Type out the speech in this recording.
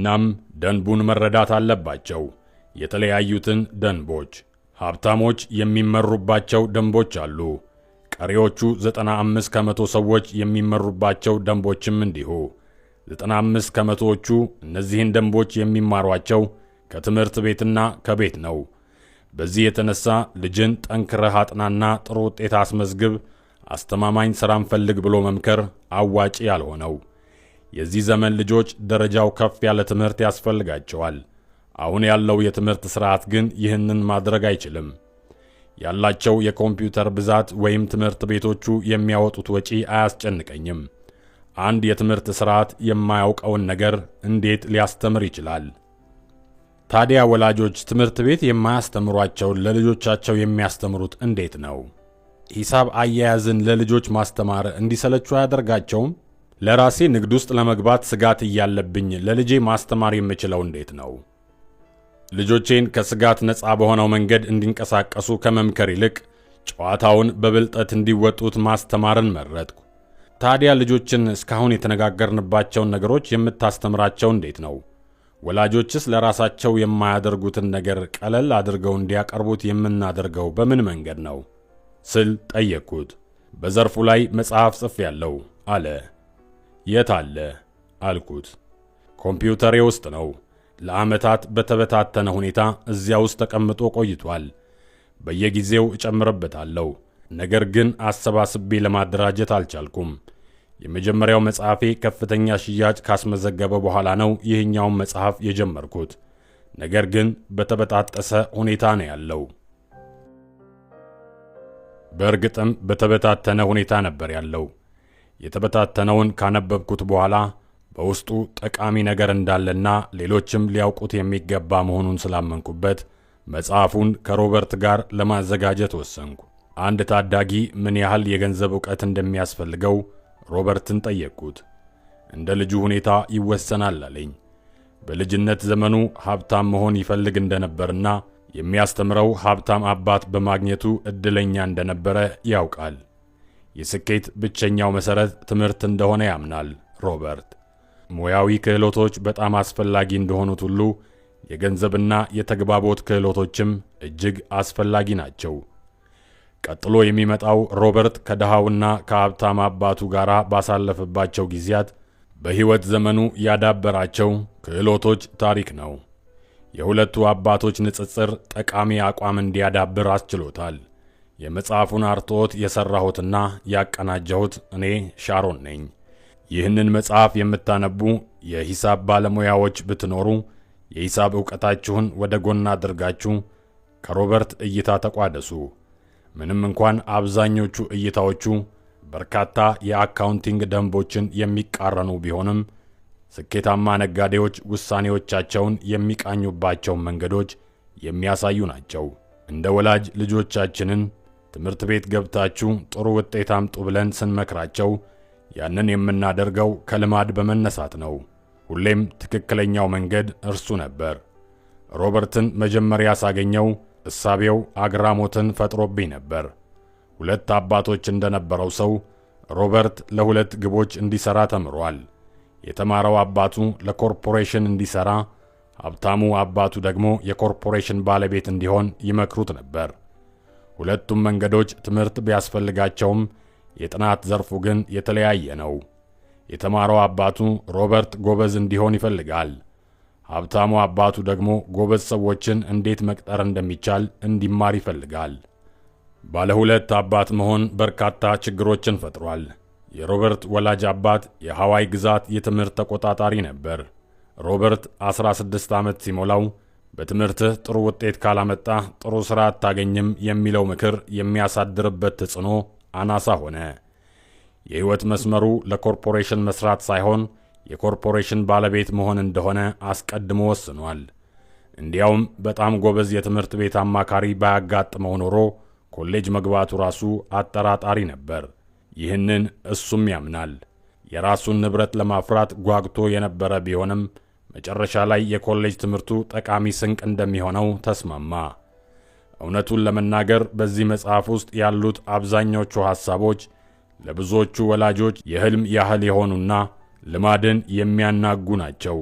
እናም ደንቡን መረዳት አለባቸው። የተለያዩትን ደንቦች ሀብታሞች የሚመሩባቸው ደንቦች አሉ። ቀሪዎቹ 95 ከመቶ ሰዎች የሚመሩባቸው ደንቦችም እንዲሁ። 95 ከመቶዎቹ እነዚህን ደንቦች የሚማሯቸው ከትምህርት ቤትና ከቤት ነው። በዚህ የተነሳ ልጅን ጠንክረህ አጥናና ጥሩ ውጤት አስመዝግብ፣ አስተማማኝ ሥራን ፈልግ ብሎ መምከር አዋጪ ያልሆነው የዚህ ዘመን ልጆች ደረጃው ከፍ ያለ ትምህርት ያስፈልጋቸዋል። አሁን ያለው የትምህርት ስርዓት ግን ይህንን ማድረግ አይችልም። ያላቸው የኮምፒውተር ብዛት ወይም ትምህርት ቤቶቹ የሚያወጡት ወጪ አያስጨንቀኝም። አንድ የትምህርት ስርዓት የማያውቀውን ነገር እንዴት ሊያስተምር ይችላል? ታዲያ ወላጆች ትምህርት ቤት የማያስተምሯቸውን ለልጆቻቸው የሚያስተምሩት እንዴት ነው? ሂሳብ አያያዝን ለልጆች ማስተማር እንዲሰለቹ አያደርጋቸውም? ለራሴ ንግድ ውስጥ ለመግባት ስጋት እያለብኝ ለልጄ ማስተማር የምችለው እንዴት ነው? ልጆቼን ከስጋት ነፃ በሆነው መንገድ እንዲንቀሳቀሱ ከመምከር ይልቅ ጨዋታውን በብልጠት እንዲወጡት ማስተማርን መረጥኩ። ታዲያ ልጆችን እስካሁን የተነጋገርንባቸውን ነገሮች የምታስተምራቸው እንዴት ነው? ወላጆችስ ለራሳቸው የማያደርጉትን ነገር ቀለል አድርገው እንዲያቀርቡት የምናደርገው በምን መንገድ ነው ስል ጠየቅኩት። በዘርፉ ላይ መጽሐፍ ጽፌያለሁ አለ። የት አለ አልኩት። ኮምፒውተሬ ውስጥ ነው። ለዓመታት በተበታተነ ሁኔታ እዚያ ውስጥ ተቀምጦ ቆይቷል። በየጊዜው እጨምርበታለሁ፣ ነገር ግን አሰባስቤ ለማደራጀት አልቻልኩም። የመጀመሪያው መጽሐፌ ከፍተኛ ሽያጭ ካስመዘገበ በኋላ ነው ይህኛውን መጽሐፍ የጀመርኩት። ነገር ግን በተበጣጠሰ ሁኔታ ነው ያለው። በእርግጥም በተበታተነ ሁኔታ ነበር ያለው። የተበታተነውን ካነበብኩት በኋላ በውስጡ ጠቃሚ ነገር እንዳለና ሌሎችም ሊያውቁት የሚገባ መሆኑን ስላመንኩበት መጽሐፉን ከሮበርት ጋር ለማዘጋጀት ወሰንኩ። አንድ ታዳጊ ምን ያህል የገንዘብ ዕውቀት እንደሚያስፈልገው ሮበርትን ጠየቅኩት። እንደ ልጁ ሁኔታ ይወሰናል አለኝ። በልጅነት ዘመኑ ሀብታም መሆን ይፈልግ እንደነበርና የሚያስተምረው ሀብታም አባት በማግኘቱ ዕድለኛ እንደነበረ ያውቃል። የስኬት ብቸኛው መሠረት ትምህርት እንደሆነ ያምናል ሮበርት። ሙያዊ ክህሎቶች በጣም አስፈላጊ እንደሆኑት ሁሉ የገንዘብና የተግባቦት ክህሎቶችም እጅግ አስፈላጊ ናቸው። ቀጥሎ የሚመጣው ሮበርት ከድሃውና ከሀብታም አባቱ ጋር ባሳለፈባቸው ጊዜያት በሕይወት ዘመኑ ያዳበራቸው ክህሎቶች ታሪክ ነው። የሁለቱ አባቶች ንጽጽር ጠቃሚ አቋም እንዲያዳብር አስችሎታል። የመጽሐፉን አርትዖት የሠራሁትና ያቀናጀሁት እኔ ሻሮን ነኝ። ይህንን መጽሐፍ የምታነቡ የሂሳብ ባለሙያዎች ብትኖሩ የሂሳብ ዕውቀታችሁን ወደ ጎን አድርጋችሁ ከሮበርት እይታ ተቋደሱ። ምንም እንኳን አብዛኞቹ እይታዎቹ በርካታ የአካውንቲንግ ደንቦችን የሚቃረኑ ቢሆንም ስኬታማ ነጋዴዎች ውሳኔዎቻቸውን የሚቃኙባቸው መንገዶች የሚያሳዩ ናቸው። እንደ ወላጅ ልጆቻችንን ትምህርት ቤት ገብታችሁ ጥሩ ውጤት አምጡ ብለን ስንመክራቸው ያንን የምናደርገው ከልማድ በመነሳት ነው። ሁሌም ትክክለኛው መንገድ እርሱ ነበር። ሮበርትን መጀመሪያ ሳገኘው እሳቤው አግራሞትን ፈጥሮብኝ ነበር። ሁለት አባቶች እንደነበረው ሰው ሮበርት ለሁለት ግቦች እንዲሰራ ተምሯል። የተማረው አባቱ ለኮርፖሬሽን እንዲሰራ፣ ሀብታሙ አባቱ ደግሞ የኮርፖሬሽን ባለቤት እንዲሆን ይመክሩት ነበር። ሁለቱም መንገዶች ትምህርት ቢያስፈልጋቸውም የጥናት ዘርፉ ግን የተለያየ ነው። የተማረው አባቱ ሮበርት ጎበዝ እንዲሆን ይፈልጋል። ሀብታሙ አባቱ ደግሞ ጎበዝ ሰዎችን እንዴት መቅጠር እንደሚቻል እንዲማር ይፈልጋል። ባለ ሁለት አባት መሆን በርካታ ችግሮችን ፈጥሯል። የሮበርት ወላጅ አባት የሐዋይ ግዛት የትምህርት ተቆጣጣሪ ነበር። ሮበርት 16 ዓመት ሲሞላው በትምህርትህ ጥሩ ውጤት ካላመጣ ጥሩ ሥራ አታገኝም የሚለው ምክር የሚያሳድርበት ተጽዕኖ አናሳ ሆነ። የሕይወት መስመሩ ለኮርፖሬሽን መስራት ሳይሆን የኮርፖሬሽን ባለቤት መሆን እንደሆነ አስቀድሞ ወስኗል። እንዲያውም በጣም ጎበዝ የትምህርት ቤት አማካሪ ባያጋጥመው ኖሮ ኮሌጅ መግባቱ ራሱ አጠራጣሪ ነበር። ይህንን እሱም ያምናል። የራሱን ንብረት ለማፍራት ጓግቶ የነበረ ቢሆንም መጨረሻ ላይ የኮሌጅ ትምህርቱ ጠቃሚ ስንቅ እንደሚሆነው ተስማማ። እውነቱን ለመናገር በዚህ መጽሐፍ ውስጥ ያሉት አብዛኞቹ ሐሳቦች ለብዙዎቹ ወላጆች የሕልም ያህል የሆኑና ልማድን የሚያናጉ ናቸው።